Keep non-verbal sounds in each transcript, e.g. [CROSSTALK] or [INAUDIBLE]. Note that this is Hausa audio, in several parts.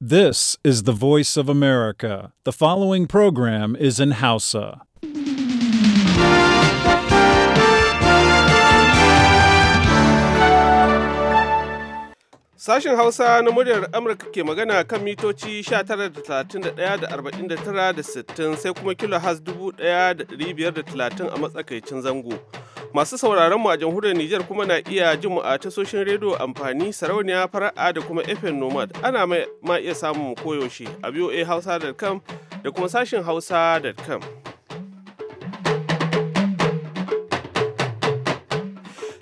This is the voice of America. The following program is in Hausa. Sashen Hausa na muryar Amurka ke magana kan mitoci 19,31,49,60 sai kuma kilo has 1,530 a matsakaicin zango. Masu sauraron mu a jamhuriyar Nijar kuma na iya jin mu a tasoshin rediyo amfani sarauniya fara'a da kuma FM Nomad. Ana ma iya samun koyaushe a Hausa.com da kuma sashin hausa.com.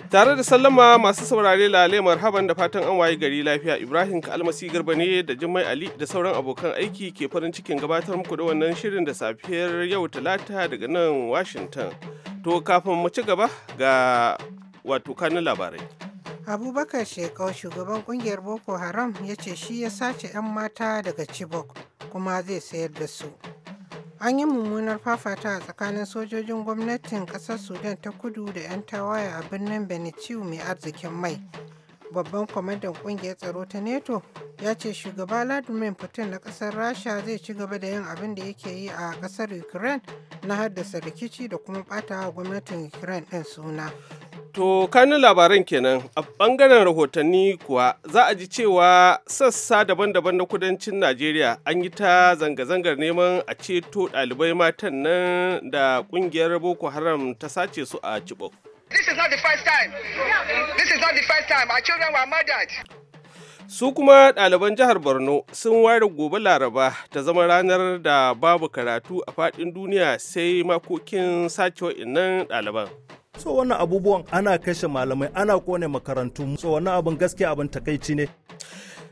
Tare da sallama masu saurare lale marhaban da fatan an waye gari lafiya Ibrahim Kalmasi Garba ne da Jummai Ali da sauran abokan aiki ke farin cikin gabatar muku da wannan shirin da safiyar yau Talata daga nan Washington. To kafin mu ci gaba ga wato kanun labarai. Abubakar Shekau shugaban kungiyar Boko Haram ya ce shi ya sace 'yan mata daga Chibok kuma zai sayar da su. An yi mummunar fafata a tsakanin sojojin gwamnatin ƙasar Sudan ta kudu da 'yan tawaye a birnin Benitiu mai arzikin mai. Babban kwamandan ƙungiyar tsaro ta NATO ya ce shugaba Vladimir Putin na ƙasar Rasha zai ci gaba da yin abin da yake yi a ƙasar Ukraine na haddasa rikici da kuma ɓatawa gwamnatin Ukraine ɗin suna. To kanin labaran kenan a bangaren rahotanni kuwa za a ji cewa sassa daban-daban na kudancin Najeriya an yi ta zanga-zangar neman a ceto ɗalibai matan nan da ƙungiyar Boko Haram ta sace su a Chibok. Su kuma ɗaliban jihar Borno sun ware gobe Laraba ta zama ranar da babu karatu a faɗin duniya sai makokin sacewa innan ɗaliban. so wannan abubuwan ana kashe malamai ana kone makarantu so wannan abin gaskiya abin takaici ne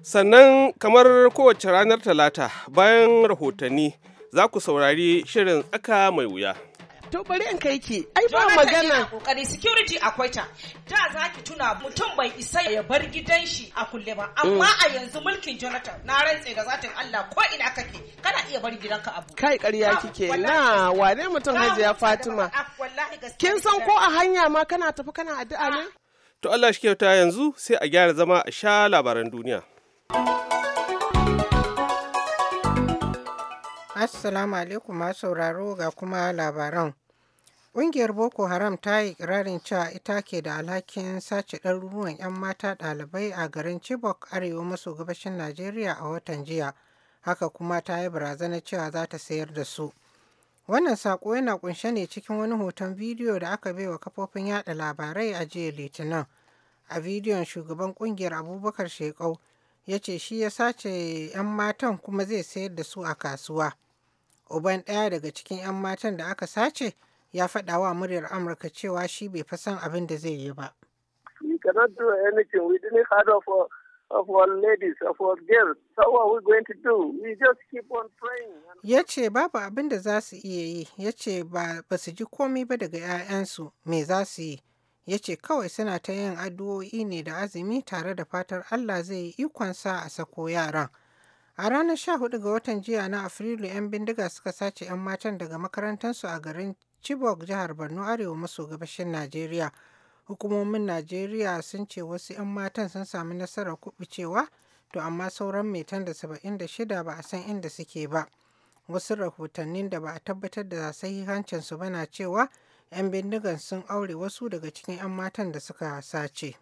sannan kamar kowace ranar talata bayan rahotanni za ku saurari shirin tsaka mai wuya to bari an kai ki ai ba magana kokari security akwai ta da zaki tuna mutum bai isa ya bar gidan shi a kulle ba amma mm. a yanzu mulkin Jonathan na rantse da zatin Allah ko ina kake kana iya bar gidanka abu kai ƙarya kike na wane mutum Hajiya Fatima kin san ko a hanya ma kana tafi kana addu'a ne ah. to Allah shi kyauta yanzu sai a gyara zama a sha labaran duniya Assalamu alaikum masu sauraro ga kuma labaran. Ƙungiyar Boko Haram ta yi ƙirarin cewa ita ke da alhakin sace ɗaruruwan 'yan mata ɗalibai a garin Chibok arewa maso gabashin Najeriya a watan jiya, haka kuma ta yi barazanar cewa za ta sayar da su. Wannan saƙo yana ƙunshe ne cikin wani hoton bidiyo da aka baiwa kafofin yaɗa labarai a jiya Litinin. A bidiyon shugaban ƙungiyar Abubakar Shekau ya ce shi ya sace 'yan matan kuma zai sayar da su a kasuwa. Uban ɗaya daga cikin 'yan matan da aka sace ya faɗa wa muryar Amurka cewa shi bai fa san abin da zai yi ba. We cannot do anything. We didn't of Ya ce babu abin da za su iya yi. Ya ce ba su ji komi ba daga 'ya'yansu me za su yi. Ya ce kawai suna ta yin addu'o'i ne da azumi tare da fatar Allah zai yi ikon sa a sako yaran. A ranar 14 ga watan jiya na Afrilu 'yan bindiga suka sace 'yan matan daga makarantarsu a garin Chibok jihar Borno Arewa maso gabashin Najeriya. Hukumomin Najeriya sun ce wasu 'yan matan sun sami nasarar kubucewa to amma sauran metan da 76 ba a san inda suke ba. Wasu rahotannin da ba a tabbatar da sahihancinsu ba na cewa 'yan bindigan sun aure wasu daga cikin 'yan matan da suka sace.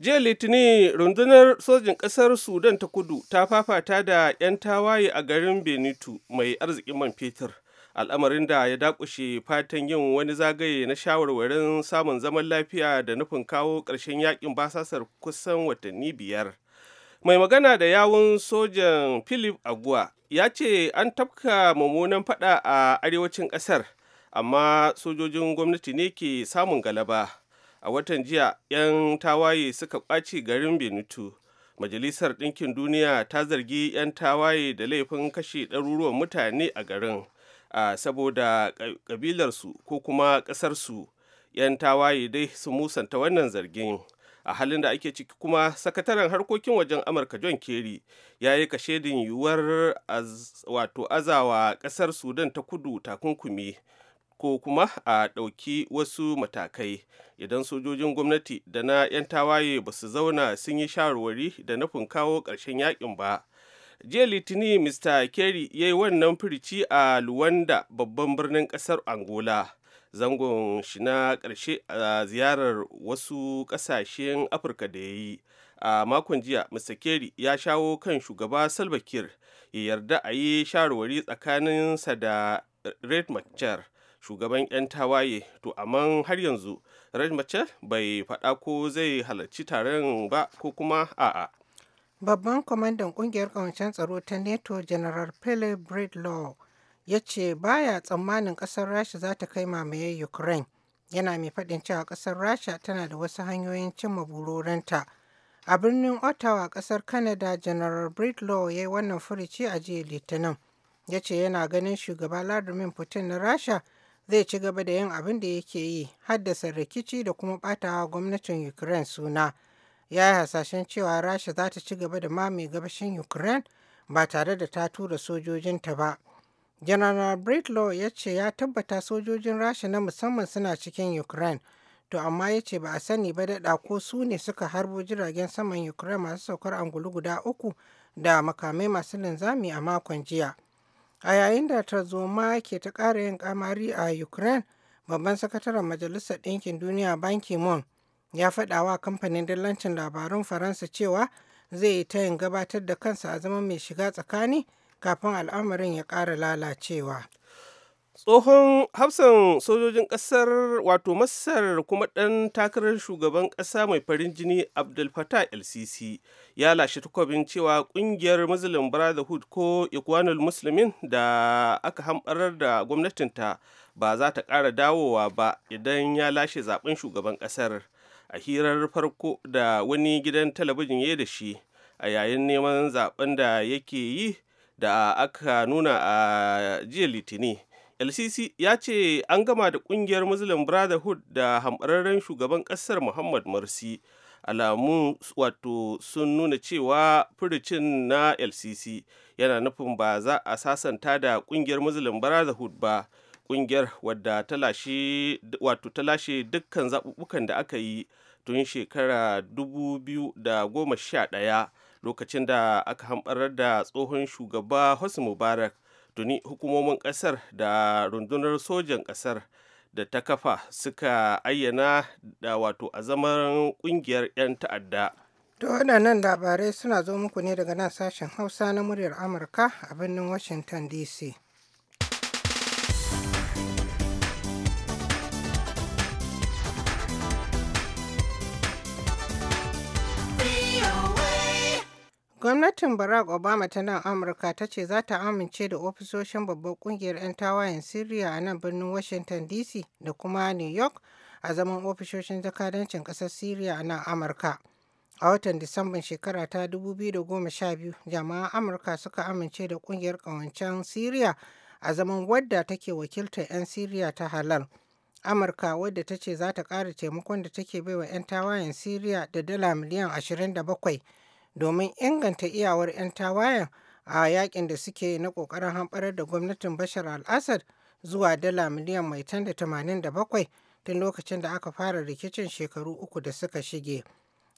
jiya litinin rundunar sojin ƙasar sudan ta kudu ta fafata da 'yan tawaye a garin benito mai arzikin man fetur al'amarin da ya dakushe fatan yin wani zagaye na shawarwarin samun zaman lafiya da nufin kawo ƙarshen yakin basasar kusan watanni biyar mai magana da yawun sojan philip agua ya ce an tafka mummunan fada a arewacin ƙasar amma sojojin gwamnati ne ke samun galaba a watan jiya 'yan tawaye suka ƙwace garin Benito, majalisar ɗinkin duniya ta zargi 'yan tawaye da laifin kashe ɗaruruwan mutane a garin saboda ƙabilarsu ko kuma ƙasarsu 'yan tawaye dai su musanta wannan zargin a halin da ake ciki kuma sakataren harkokin wajen amurka john kerry ya yi kashedin yiwuwar wato azawa ƙasar sudan ta kudu takunkumi ko kuma a ɗauki wasu matakai idan sojojin gwamnati da na 'yan tawaye ba su zauna sun yi shawarwari da nufin kawo ƙarshen yakin ba jiya litinin mr kerry ya yi wannan firci a luwanda babban birnin kasar angola zangon shi na ƙarshe a ziyarar wasu ƙasashen afirka da ya yi a makon jiya mr kerry ya shawo kan shugaba salva kiir ya yarda a yi shawarwari tsakaninsa da red machar shugaban 'yan tawaye to amma har yanzu red machar bai faɗa ko zai halarci taron ba ko kuma a'a. Babban kwamandan kungiyar ƙawancen tsaro ta NATO, General Pele Bredlaw, ya ce ba ya tsammanin ƙasar Rasha za ta kai mamaye Ukraine, yana mai faɗin cewa ƙasar Rasha tana da wasu hanyoyin cimma burorinta. A birnin Ottawa, ƙasar Canada, General Bredlaw ya yi wannan furici a jiya Litinin. Ya ce yana ganin shugaba Vladimir Putin na Rasha zai ci gaba da yin abin da yake yi, haddasa rikici da kuma ɓatawa gwamnatin Ukraine suna. ya yi hasashen cewa rasha za ta ci gaba da mamaye gabashin ukraine ba tare da ta tura sojojinta ba general britlow ya ce ya tabbata sojojin rasha na musamman suna cikin ukraine to amma ya ce ba a sani ba daɗa ko su ne suka harbo jiragen saman ukraine masu saukar angulu guda uku da makamai masu linzami a makon jiya a yayin da tarzoma ke ta ƙara yin kamari a ukraine babban sakataren majalisar ɗinkin duniya banki ya faɗa wa kamfanin dillancin labarun faransa cewa zai yi tayin gabatar da kansa a zama mai shiga tsakani kafin al'amarin ya ƙara lalacewa tsohon hafsan sojojin ƙasar wato masar kuma ɗan takarar shugaban ƙasa mai farin jini abdul fatah lcc ya lashe takwabin cewa ƙungiyar muslim brotherhood ko ikwanul muslimin da aka hamɓarar da gwamnatinta ba za ta ƙara dawowa ba idan ya lashe zaben shugaban ƙasar a hirar farko da wani gidan talabijin ya da shi a yayin neman zaben da yake yi da aka nuna a jiya litini lcc ya ce an gama da kungiyar muslim brotherhood da hambararren shugaban ƙasar muhammad morsi alamu wato sun nuna cewa furucin na lcc yana nufin ba za a sasanta da kungiyar muslim brotherhood ba kungiyar wadda ta lashe dukkan zaɓuɓɓukan da aka yi tun shekara 2011 lokacin da aka hamɓarar da tsohon shugaba Hosni Mubarak tuni hukumomin ƙasar da rundunar sojan ƙasar da ta kafa suka ayyana da wato a zaman ƙungiyar 'yan ta'adda. To waɗannan labarai suna zo muku ne daga nan sashen Hausa na muryar Amurka a birnin Washington DC. Gwamnatin Barack Obama ta nan Amurka ta ce za ta amince da ofisoshin babbar kungiyar 'yan tawayen Siriya a nan birnin Washington DC da kuma New York a zaman ofisoshin jakadancin ƙasar Siriya a nan Amurka. A watan Disamban shekara ta 2012, jama'an Amurka suka amince da kungiyar ƙawancen Siriya a zaman wadda take wakiltar 'yan Siriya ta halal. Amurka wadda ta ce za ta ƙara taimakon da take baiwa 'yan tawayen Siriya da dala miliyan 27 domin inganta iyawar 'yan tawayen a yakin da suke na kokarin hamɓarar da gwamnatin bashar al-assad zuwa dala miliyan mai da tamanin da bakwai tun lokacin da aka fara rikicin shekaru uku da suka shige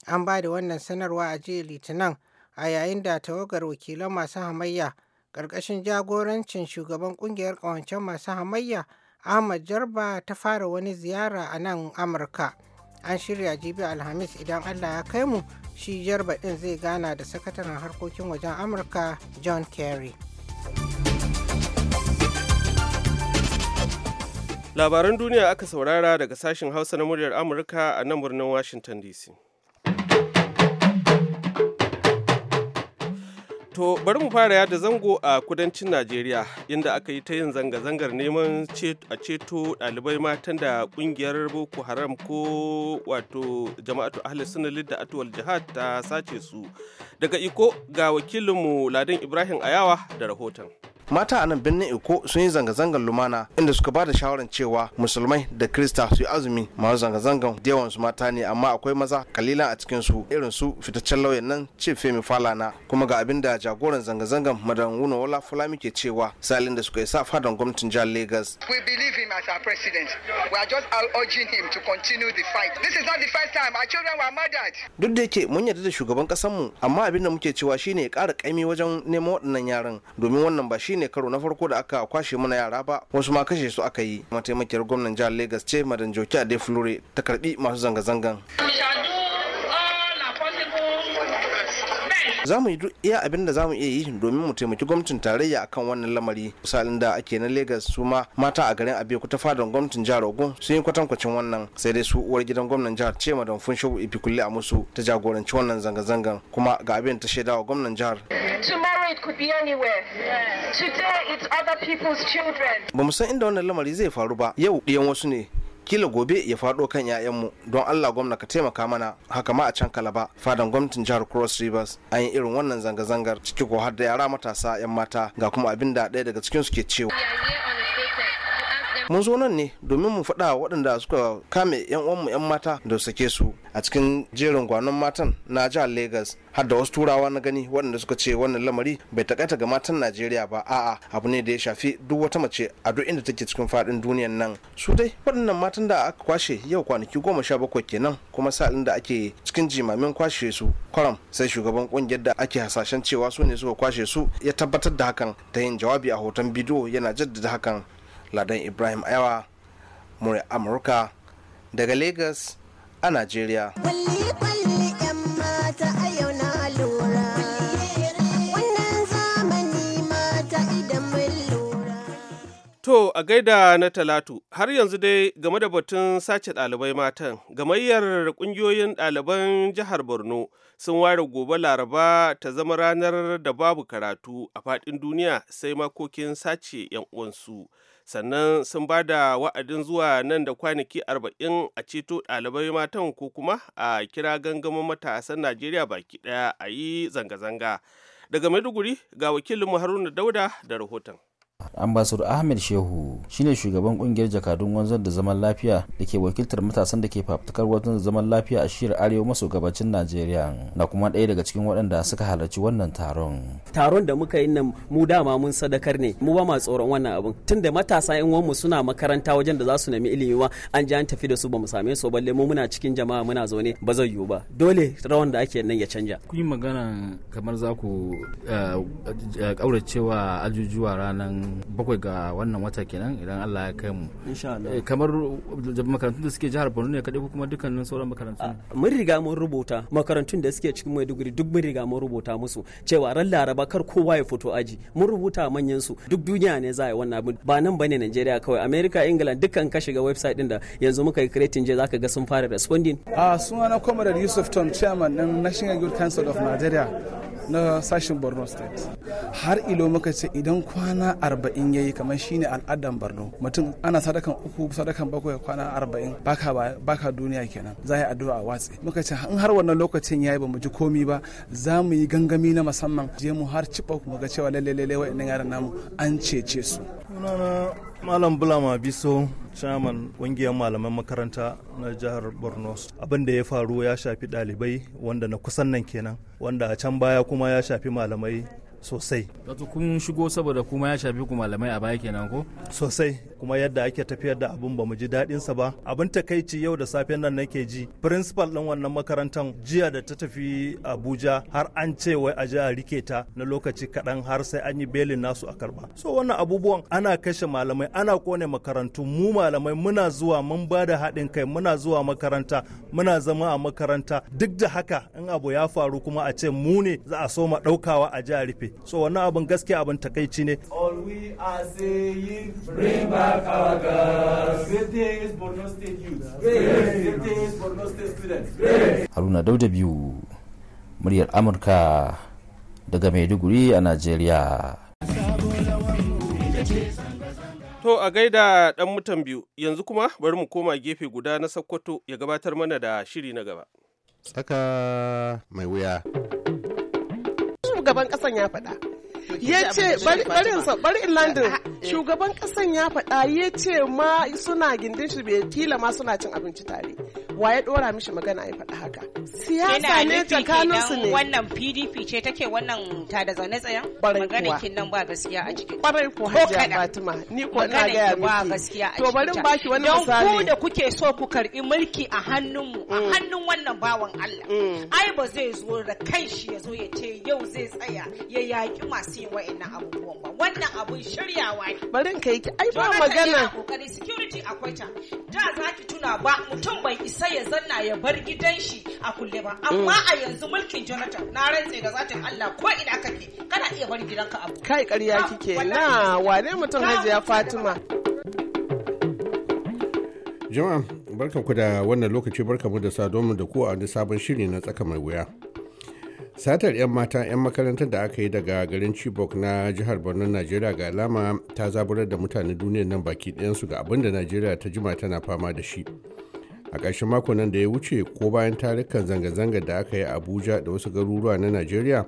an ba da wannan sanarwa a jiya litinin a yayin da tawagar wakilan masu hamayya ƙarƙashin jagorancin shugaban ƙungiyar ƙawancen masu hamayya ahmad jarba ta fara wani ziyara a nan amurka an shirya jibi alhamis idan allah ya kai mu shi jarba ɗin zai gana da sakataren harkokin wajen amurka john kerry labaran duniya aka saurara daga sashen hausa na muryar amurka a nan birnin washington dc To bari mu fara yada zango a kudancin Najeriya inda aka yi ta yin zanga-zangar neman a ceto ɗalibai matan da ƙungiyar Boko Haram ko wato jama'atu ahli sunnah da atuwal jihad ta sace su. Daga iko ga wakilinmu Ladan Ibrahim Ayawa da rahoton. mata a nan birnin eko sun yi zanga-zangar lumana inda suka ba da shawarar cewa musulmai da krista su yi azumi masu zanga-zangar da yawan su mata ne amma akwai maza kalilan a cikin su irin su fitaccen lauyan nan ce femi falana kuma ga abin da jagoran zanga-zangar madan wuna wala fulami ke cewa salin da suka isa fadan gwamnatin jihar lagos we believe him as our president we are just urging him to continue the fight this the first time duk da yake mun yarda da shugaban kasanmu amma abin da muke cewa shine ya ƙara kaimi wajen neman waɗannan yaran domin wannan ba shine ne karo na farko da aka kwashe mana yara ba wasu ma kashe su aka yi mataimakiyar gwamnan jihar lagos ce madan joki de flore ta karbi masu zanga-zangan za mu yi duk iya abin da za mu iya yi domin mu taimaki gwamnatin tarayya akan wannan lamari misalin da ake na Legas su ma mata a garin Abeokuta fadan gwamnatin jihar Ogun sun yi kwatankwacin wannan sai dai su uwar gidan gwamnan jihar ce ma madan ibi kulle a musu ta jagoranci wannan zanga-zangan kuma ga abin ta shaida shaidawa gwamnan jihar. Tomorrow it could be anywhere. other people's children. Ba mu san inda wannan lamari zai faru ba. Yau ɗiyan wasu ne kila gobe ya faɗo kan 'ya'yanmu don allah gwamna ka taimaka mana haka ma a can kalaba fadan gwamnatin jihar cross rivers an yi irin wannan zanga-zangar ciki ko har da yara matasa 'yan mata ga kuma abin da ɗaya daga cikin su ke cewa mun zo nan ne domin mu faɗa waɗanda suka kame yan uwanmu yan mata da sake su a cikin jerin gwanon matan na jihar lagos har da wasu turawa na gani waɗanda suka ce wannan lamari bai takaita ga matan Najeriya ba a'a abu ne da ya shafi duk wata mace a duk inda take cikin faɗin duniyan nan su dai waɗannan matan da aka kwashe yau kwanaki goma sha bakwai kenan kuma sa'ilin da ake cikin jimamin kwashe su kwaram sai shugaban ƙungiyar da ake hasashen cewa su ne suka kwashe su ya tabbatar da hakan ta yin jawabi a hoton bidiyo yana jaddada hakan ladan ibrahim ayawa murya amurka daga lagos a nigeria To a gaida na talatu har yanzu dai game da batun sace ɗalibai matan gamayyar ƙungiyoyin ɗaliban jihar Borno sun ware gobe laraba ta zama ranar da babu karatu a faɗin duniya sai makokin sace 'yan uwansu. sannan sun ba da wa'adin zuwa nan da kwanaki arba'in a ceto ɗalibai matan ko kuma a kira gangamin matasan najeriya baki ɗaya a yi zanga-zanga daga maiduguri ga wakilin haruna dauda da rahoton ambassador ahmed shehu shine shugaban kungiyar jakadun wanzar da zaman lafiya da ke wakiltar matasan da ke fafutukar wanzar zaman lafiya a shiyar arewa maso gabacin najeriya na kuma ɗaya daga cikin waɗanda suka halarci wannan taron taron da muka yi nan mu dama mun sadakar ne mu ba ma tsoron wannan abin tun da matasa yan uwanmu suna makaranta wajen da za su nemi ilimi ba an ji an tafi da su ba mu same su balle mu muna cikin jama'a muna zaune ba zai yiwu ba dole rawan da ake nan ya canja kun yi magana kamar za ku kauracewa eh, eh, ajujuwa ranar bakwai ga wannan wata kenan idan Allah ya kai mu eh, kamar makarantun da suke jihar Borno ne kadai ko kuma dukkanin sauran makarantun ah, mun riga mun rubuta makarantun da suke cikin Maiduguri duk mun riga mun rubuta musu cewa ran Laraba kar kowa ya fito aji mun rubuta manyan su duk duniya ne za a yi wannan abin ba nan bane Najeriya kawai America England dukkan ka shiga website din da yanzu muka yi creating je zaka ga sun fara responding a ah, sunana Comrade Yusuf Tom chairman ɗin National Youth Council of Nigeria na sashin Borno State har ilo muka ce idan kwana arba'in yayi kamar shine al'adan barno mutum ana sadakan uku sadakan bakwai kwana arba'in baka baka duniya kenan za a yi addu'a a watsi muka ce in har wannan lokacin yayi ba mu ji komi ba za mu yi gangami na musamman je mu har ciba mu ga cewa lalle lalle wa'annan yaran namu an cece su Malam Bulama Biso, chairman kungiyar malaman makaranta na jihar Borno. Abin da ya faru ya shafi ɗalibai wanda na kusan nan kenan, wanda a can baya kuma ya shafi malamai sosai. Wato kun shigo saboda kuma ya shafi ku malamai a baya kenan ko? Sosai kuma yadda ake tafiyar da abun ba mu ji daɗin sa ba. Abin takaici yau da safen nan nake ji. Principal ɗin wannan makarantar jiya da ta tafi Abuja har an ce wai a ji a rike ta na lokaci kaɗan har sai an yi belin nasu a karba. So wannan abubuwan ana kashe malamai ana kone makarantu mu malamai muna zuwa mun ba da haɗin kai muna zuwa makaranta muna zama a makaranta duk da haka in abu ya faru kuma a ce mu ne za a so ma ɗaukawa a ji a gefe so wannan abin gaskiya abin takaici ne haruna dauda biyu muryar amurka daga maiduguri a najeriya To a gaida dan mutan biyu yanzu kuma bari mu koma gefe guda na Sokoto ya gabatar mana da shiri na gaba. Tsaka mai wuya. shugaban kasan ya faɗa ya ce bari in landin [LAUGHS] eh. shugaban kasan ya faɗa ya ce ma suna gindin shi bai kila ma suna cin abinci tare wa ya dora mishi magana ya faɗi haka siyasa ne tsakanin su ne wannan PDP ce take wannan ta da zaune tsayen maganar kin nan ba gaskiya a cikin kwarai ko hajiya Fatima ni ko na ga ya ba gaskiya a cikin to bari ba shi wani misali don ku da kuke so ku karbi mulki a hannun mu. a mm. hannun wannan bawan Allah mm. ai ba zai zo da kanshi ya zo ya ce yau zai tsaya ya yaki masu yin wa'annan abubuwan ba wannan abun shiryawa ne barin kai ki ai ba magana kokari security akwai ta da zaki tuna ba mutum bai isa sai ya zanna ya bar gidan shi a kulle ba mm. amma a yanzu mulkin Jonathan na rantse ga zatin Allah ko ina kake kana iya bar gidanka abu kai ƙarya ah, kike na wane mutum ah. Hajiya Fatima Jama'a barkanku da wannan lokaci barkanmu da saduwa da ku a wani sabon shiri na tsaka mai wuya satar 'yan mata 'yan makarantar da aka yi daga garin chibok na jihar borno najeriya ga alama ta zaburar da mutane duniyar nan baki ɗayansu ga abinda najeriya ta jima tana fama da shi a ƙarshen mako nan da ya wuce ko bayan tarukan zanga-zanga da aka yi a abuja da wasu garuruwa na najeriya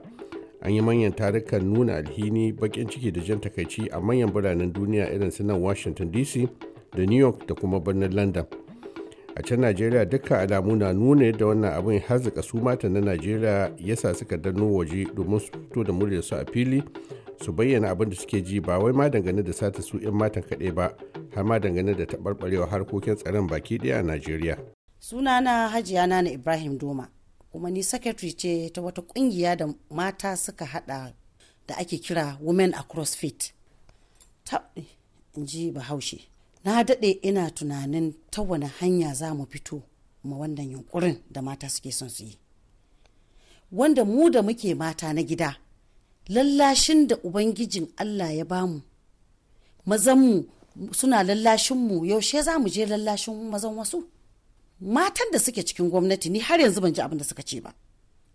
an yi manyan tarukan nuna alhini bakin ciki da jan takaici a manyan biranen duniya irin su nan washington dc da new york da kuma birnin london a can najeriya dukkan alamu na nuna yadda wannan abin harzika su mata na najeriya sa suka danno waje domin su fito da muryarsu a fili su bayyana abin da suke ji ba wai ma dangane da sata su 'yan matan kaɗai ba har ma dangane da taɓarɓarewa harkokin tsaron baki ɗaya a Najeriya. Sunana Hajiya Nana Ibrahim Doma kuma ni secretary ce ta wata ƙungiya da mata suka haɗa da ake kira Women Across Fit. in ji Bahaushe. Na daɗe ina tunanin ta wani hanya za mu fito ma wannan yunkurin da mata suke son su yi. Wanda mu da muke mata na gida, lallashin da Ubangijin Allah ya bamu, mazanmu suna lallashin mu yaushe za mu je lallashin mazan wasu matan da suke cikin gwamnati ni har yanzu ban ji abin da suka ce ba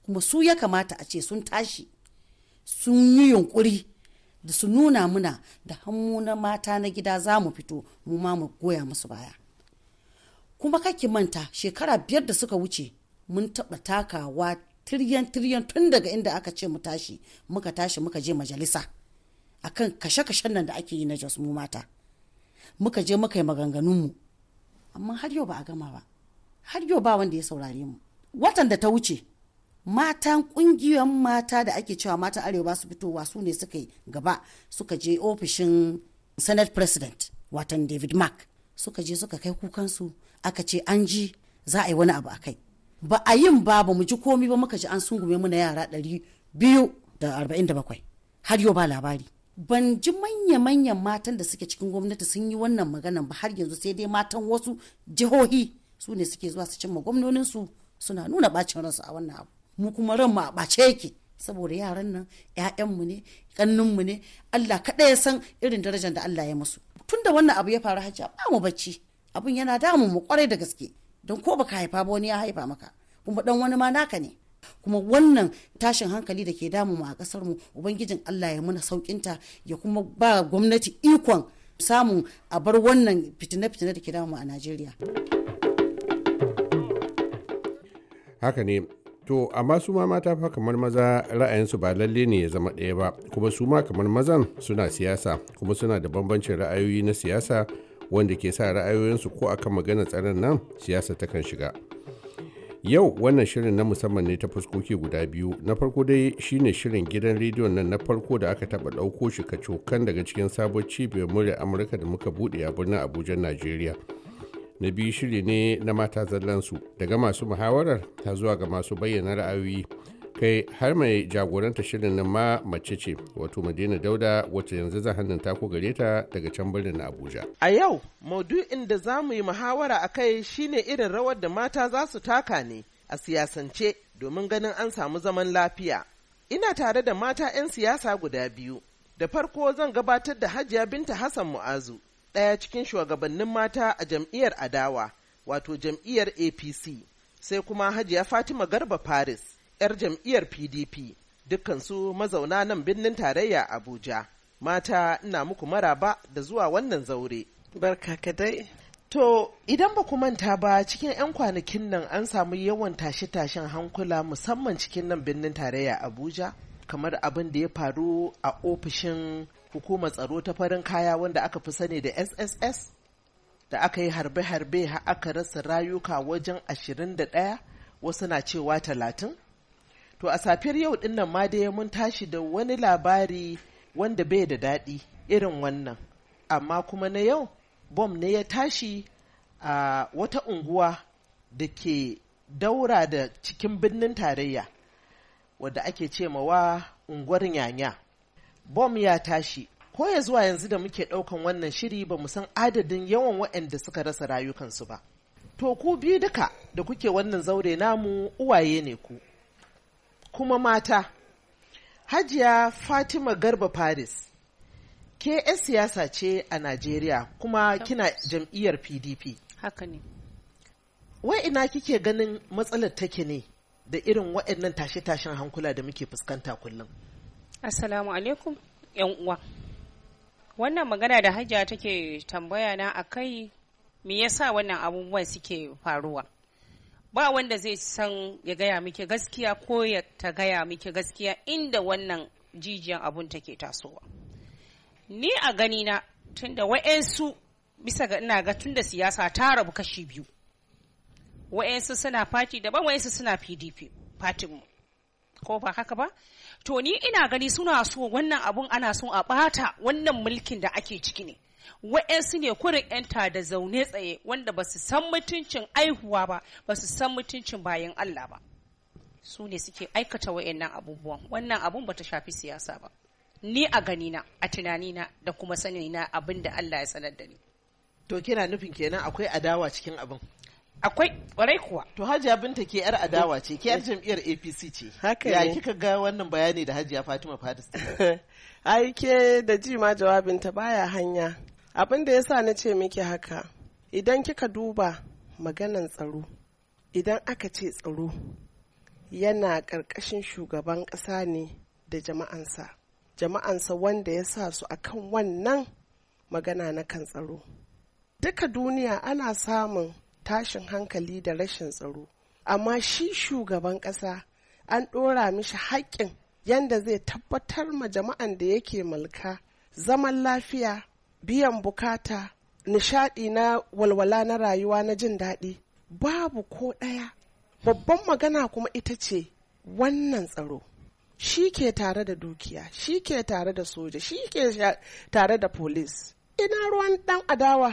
kuma su ya kamata a ce sun tashi sun yi yunkuri da su nuna muna da hannu na mata na gida za mu fito mu ma mu goya musu baya kuma kake manta shekara biyar da suka wuce mun taɓa takawa tiryan tiryan tun daga inda aka ce mu tashi muka tashi muka je majalisa akan kashe-kashen nan da ake yi na jos mu mata muka je muka yi maganganunmu amma har yau ba a gama ba har yau ba wanda ya saurare mu watan da ta wuce matan kungiyoyin mata da ake cewa matan arewa su fitowa su ne suka yi gaba suka je ofishin senate president watan david mark suka je suka kai kukansu aka ce an ji za a yi wani abu a kai ba a yin ba ba mu ji komi ba muka ji an sungume mu na yara ɗari biyu da arba'in da bakwai har yau ba labari ban ji manya-manyan matan da suke cikin gwamnati sun yi wannan maganan ba har yanzu sai dai matan wasu jihohi su ne suke zuwa su cimma gwamnoninsu suna nuna bacin ransu a wannan abu mu kuma ranmu a bace yake saboda yaran nan 'ya'yanmu ne mu ne allah kaɗai ya san irin darajar da allah ya musu tun da wannan abu ya faru hajja ba mu bacci abun yana damun mu kwarai da gaske don ko baka haifa ba wani ya haifa maka kuma dan wani ma naka ne kuma wannan tashin hankali da ke damu mu a kasar mu ubangijin Allah ya muna saukinta ya kuma ba gwamnati ikon samun a bar wannan fitina fitine da ke damu mu a Najeriya. Haka ne, to amma su ma mata fa kamar maza ra'ayinsu ba lalle ne ya zama ɗaya ba, kuma su ma kamar mazan suna siyasa, kuma suna da bambancin ra'ayoyi na siyasa wanda ke sa ra'ayoyinsu ko akan maganar tsaron nan siyasa takan shiga. Yau wannan shirin na musamman ne ta fuskoki guda biyu. Na farko dai shine shirin gidan rediyon nan na farko da aka taba ɗauko shi kacokan daga cikin sabon cibiyar murya Amurka da muka buɗe a birnin Abuja, Najeriya. Na biyu shiri ne na mata zallansu daga masu muhawarar ta zuwa ga masu bayyana ra'ayoyi. kai har mai jagoranta shirin nan ma mace ce wato madina dauda wacce yanzu za hannun tako gare ta daga can birnin abuja a yau maudu'in da za mu yi muhawara a kai shine irin rawar da mata za su taka ne a siyasance domin ganin an samu zaman lafiya ina tare da mata 'yan siyasa guda biyu da farko zan gabatar da hajiya binta hassan mu'azu ɗaya cikin shugabannin mata a jam'iyyar adawa wato jam'iyyar apc sai kuma hajiya fatima garba paris 'yar jam'iyyar PDP dukkansu mazauna nan birnin tarayya Abuja. Mata ina muku maraba da zuwa wannan zaure. Barka kadai. To idan ba ku manta ba cikin 'yan kwanakin nan an samu yawan tashe-tashen hankula musamman cikin nan birnin tarayya Abuja kamar abin da ya faru a ofishin hukumar tsaro ta farin kaya wanda aka fi sani da SSS da aka yi harbe-harbe aka rasa rayuka wajen 21 wasu na cewa talatin To a safiyar yau din nan ma dai mun tashi da wani labari wanda bai da daɗi irin wannan. Amma kuma na yau bom ne ya tashi a wata unguwa da ke daura da cikin birnin tarayya wadda ake ce wa unguwar yanya. Bom ya tashi ko ya zuwa yanzu da muke ɗaukan wannan shiri ba san adadin yawan waɗanda suka rasa rayukansu ba. To ku biyu duka da kuke wannan zaure namu uwaye ne ku. kuma mata. Hajiya Fatima Garba Paris, ke 'yan siyasa ce a Najeriya kuma kina jam'iyyar PDP. Haka ne. Wai ina kike ganin matsalar take ne da irin waɗannan tashe-tashen hankula da muke fuskanta kullum. Assalamu alaikum, 'yan uwa. Wannan magana da hajiya take tambaya na a kai me yasa wannan abubuwan suke faruwa. ba wanda zai san ya gaya miki gaskiya ko ya ta gaya miki gaskiya inda wannan jijiyan abun take tasowa ni a gani na tunda wa'ensu bisa ga ina ga tunda siyasa ta rabu kashi biyu wa'ensu suna fati daban wa'ensu suna pdp mu ko ba haka ba to ni ina gani suna so wannan abun ana so a bata wannan mulkin da ake ciki ne wa'yansu ne kurin 'yanta da zaune tsaye wanda ba su san mutuncin aihuwa ba ba su san mutuncin bayan Allah ba su ne suke aikata wa'yannan abubuwan wannan abun ba ta shafi siyasa ba ni a ganina a tunanina da kuma sanina abin da Allah ya sanar da ni to kina nufin kenan akwai adawa cikin abin akwai kwarai kuwa to hajiya binta ke yar adawa ce ke yar jam'iyyar apc ce haka ya kika ga wannan bayani da hajiya fatima fadis [LAUGHS] ai ke da ji ma jawabinta baya hanya abin da ya sa na ce miki haka idan kika duba maganan tsaro idan aka ce tsaro yana ƙarƙashin shugaban ƙasa ne da jama'ansa jama'ansa wanda ya sa su a kan wannan magana na kan tsaro duka duniya ana samun tashin hankali da rashin tsaro amma shi shugaban ƙasa an ɗora mishi haƙƙin yanda zai tabbatar ma jama'an da yake mulka zaman lafiya biyan bukata nishadi na walwala na rayuwa na jin daɗi babu ko ɗaya babban magana kuma ita ce wannan tsaro shi ke tare da dukiya shi ke tare da soja shi ke tare da polis ina ruwan ɗan adawa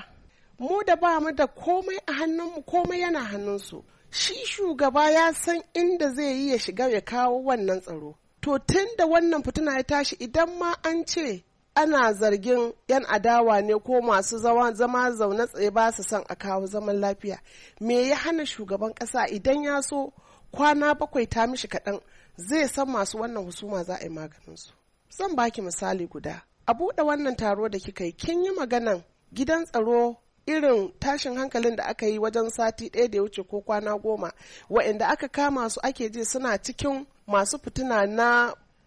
mu da ba mu da komai a hannunmu komai yana hannunsu shi shugaba ya san inda zai yi ya shiga ya kawo wannan tsaro to tun da wannan fituna ya tashi idan ma an ce ana zargin 'yan adawa ne ko masu zama zaune tsaye ba su son a kawo zaman lafiya me ya hana shugaban kasa idan ya so kwana bakwai ta mishi kaɗan zai san masu wannan husuma za a yi maganinsu zan baki misali guda a buɗe wannan taro da kika yi kin yi maganan gidan tsaro irin tashin hankalin da aka yi wajen sati ɗaya da ya wuce ko kwana goma wa'inda aka kama su ake ji suna cikin masu fituna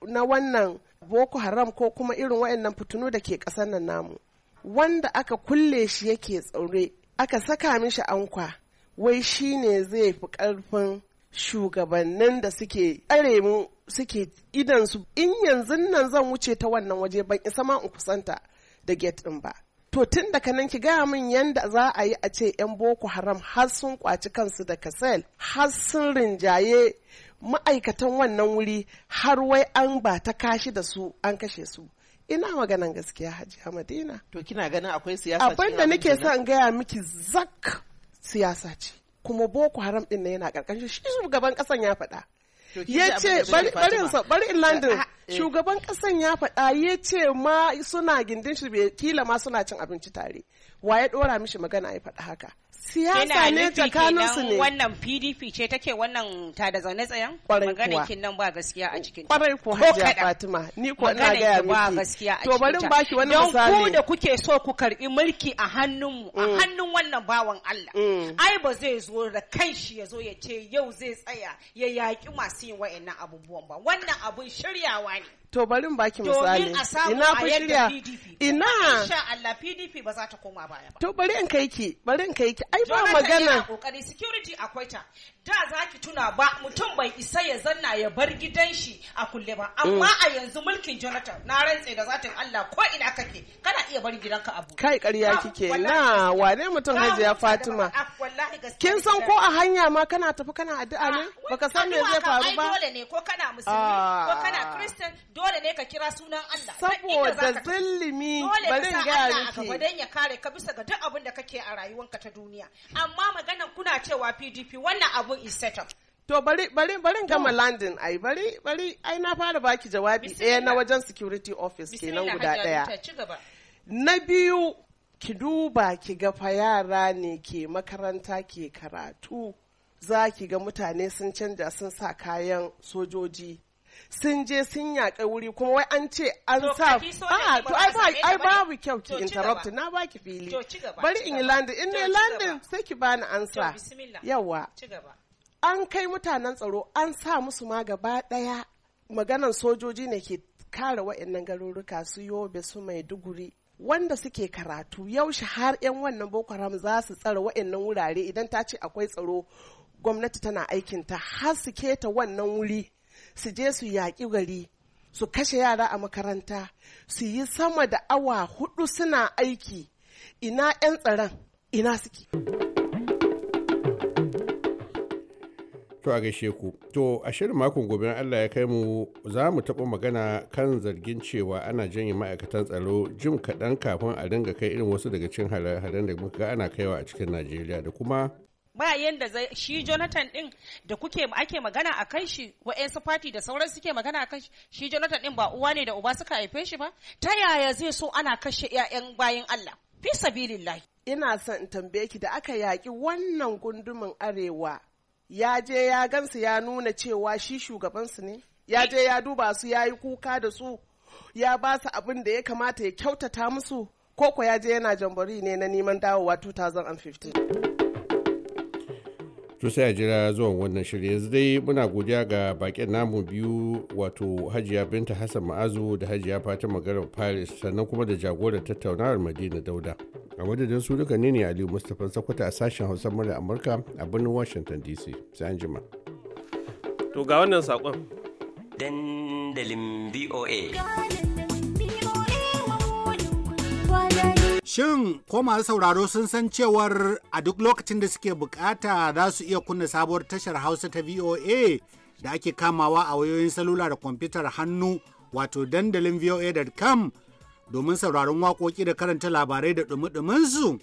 na wannan boko haram ko kuma irin wayannan fitinu da ke ƙasar nan namu wanda aka kulle shi yake tsaure aka saka mishi ankwa wai shi ne zai fi ƙarfin shugabannin da suke tsare mu suke idansu in yanzu nan zan wuce ta wannan waje ban isa ma in kusanta da get ɗin ba to tun daga nan ki gaya min yanda za a yi a ce 'yan boko haram har sun kwaci kansu da kasel har sun rinjaye ma'aikatan wannan wuri har wai an ba ta kashi da su an kashe su ina maganan gaskiya hajiya madina to kina ganin akwai siyasa abin da nake son gaya miki zak siyasa ce kuma boko haram din yana karkashin shi shugaban kasan ya faɗa ya ce bari in london ah, eh. shugaban kasan ya faɗa ya ce ma suna gindin shi kila ma suna cin abinci tare wa ya ɗora mishi magana ya faɗa haka siyasa ne tsakanin su ne wannan PDP ce take wannan ta da zaune tsayen Maganin kin nan ba gaskiya a cikin kwarai ko hajiya Fatima ni ko na ga ya miki to bari in bashi wani misali don ku da kuke so ku karbi mulki a hannun mu a mm. hannun wannan bawan Allah mm. ai ba zai zo da kanshi ya zo ya ce yau zai tsaya ya yaki masu yin wa'annan abubuwan ba wannan abu shiryawa ne to bari in baki misali ina ku shirya ina insha Allah PDP ba za ta koma baya ba to bari in kai ki bari in kai ki ai ba magana kokari security akwai ta da zaki tuna ba mutum bai isa ya zanna ya bar gidan shi a kulle ba amma mm. a yanzu mulkin Jonathan na rantse da zatin Allah ko ina kake kana iya bar gidanka abu kai ƙarya kike na wane mutum Hajiya Fatima kin san ko a hanya ma kana tafi kana addu'a ne ah, baka san me zai faru ba dole ne ko kana musulmi ko ah. kana christian dole ne ka kira sunan Allah saboda zillimi bari ga miki dole ka ya kare ka bisa ga duk abin da kake a rayuwanka ta duniya duniya amma magana kuna cewa pdp wannan abun is set up To bari bari bari gama landin ai bari bari ai na fara baki jawabi ɗaya na wajen security office kenan guda ɗaya. Na biyu ki duba ki ga fa yara ne ke makaranta ke karatu za ki ga mutane sun canja sun sa kayan sojoji sun je sun yaƙa wuri kuma wai an ce an sa ai babu kyau ki interrupt na baki fili bari in yi landin in ne landin sai ki bani ansa yawa an kai mutanen tsaro an sa musu ma gaba ɗaya maganan sojoji ne ke kare wa'annan garuruka su yobe su maiduguri wanda suke karatu yaushe har 'yan wannan boko haram za su tsara wa'annan wurare idan ta ce akwai tsaro gwamnati tana aikinta har su keta wannan wuri su je su yaƙi gari su kashe yara a makaranta su yi sama da awa hudu suna aiki ina 'yan tsaron ina suke. To a gaishe ku, to a shirin makon gobe Allah ya kai mu za mu taɓa magana kan zargin cewa ana janye ma'aikatan tsaro jim kaɗan kafin a dinga kai irin wasu daga cikin hare-haren da muka ana kaiwa a cikin Najeriya da kuma ba yadda shi Jonathan din da kuke ake magana a kan shi wa wa'ensu fati da sauran suke magana a kan shi shi Jonathan din ba uwa ne da uba suka haife shi ba ta yaya zai so ana kashe 'ya'yan bayan Allah fi sabilillah ina son in tambaye ki da aka yaki wannan gundumin arewa ya je ya gansu ya nuna cewa shi shugabansu ne ya je ya duba su ya yi kuka da su ya ba su abin da ya kamata ya kyautata musu koko ya je yana jambari ne na neman dawowa 2015 to sai a jira zuwan wannan shirye yanzu dai muna godiya ga bakin namu biyu wato hajiya binta hassan ma'azu da hajiya fatima garin paris sannan kuma da jagorar tattaunawar madina dauda a madadin su duka ne ne aliyu mustapha sakwata a sashen hausa murya amurka a birnin washington dc sai an jima to ga wannan sakon dandalin voa Shin ko masu sauraro sun san cewar a duk lokacin da suke bukata za su iya kunna sabuwar tashar Hausa ta VOA da ake kamawa a wayoyin salula da kwamfutar hannu wato dandalin voa.com domin sauraron waƙoƙi da karanta labarai da ɗumi-ɗuminsu.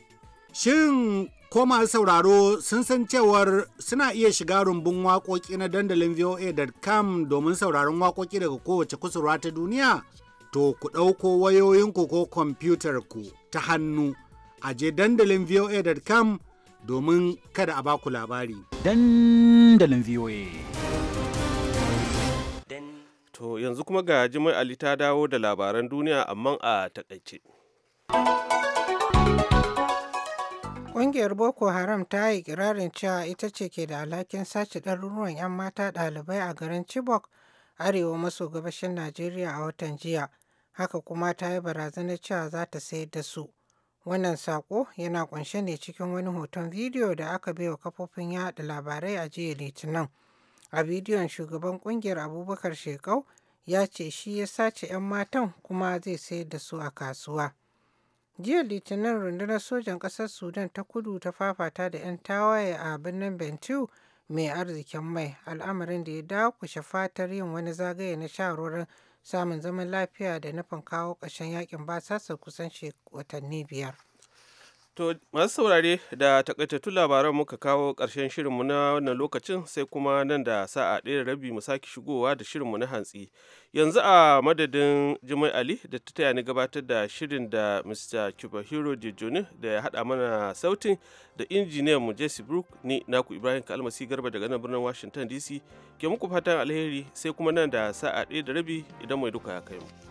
Shin ko masu sauraro sun san cewar suna iya shiga rumbun waƙoƙi na dandalin voa.com domin sauraron waƙoƙi daga kowace kusurwa ta duniya? to ku ɗauko wayoyinku ko kwamfutar ku ta hannu a je dandalin voa.com domin kada a baku labari. Dandalin VOA. To yanzu kuma ga Jimai Ali ta dawo da labaran duniya amma a takaice. Ƙungiyar Boko Haram ta yi kirarin cewa ita ce ke da alhakin sace ɗaruruwan 'yan mata ɗalibai a garin Chibok, arewa maso gabashin Najeriya a watan jiya. haka kuma ta yi barazanar cewa za ta sayar da su. Wannan saƙo yana ƙunshe ne cikin wani hoton bidiyo da aka baiwa kafofin yaɗa labarai a jiya Litinin. A bidiyon shugaban ƙungiyar Abubakar Shekau ya ce shi ya sace 'yan matan kuma zai sayar da su a kasuwa. Jiya Litinin rundunar sojan ƙasar Sudan ta kudu ta fafata da 'yan tawaye a birnin Bentiu mai arzikin mai al'amarin da ya dakushe fatar yin wani zagaye na shawarorin samun zaman lafiya da nufin kawo ƙarshen yakin basasar kusan watanni biyar. To masu saurare da takaitattun labaran muka kawo ƙarshen shirinmu na wannan lokacin sai kuma nan da sa'a ɗaya rabi mu sake shigowa da shirinmu na hantsi. Yanzu a madadin Jimai Ali da ta taya ni gabatar da shirin da Mr. Kibahiro Jejoni da ya haɗa mana sautin da injiniyan mu Jesse Brook ni naku Ibrahim Kalmasi Garba daga nan birnin Washington DC ke muku fatan alheri sai kuma nan da sa'a ɗaya da rabi idan mai duka ya kai mu.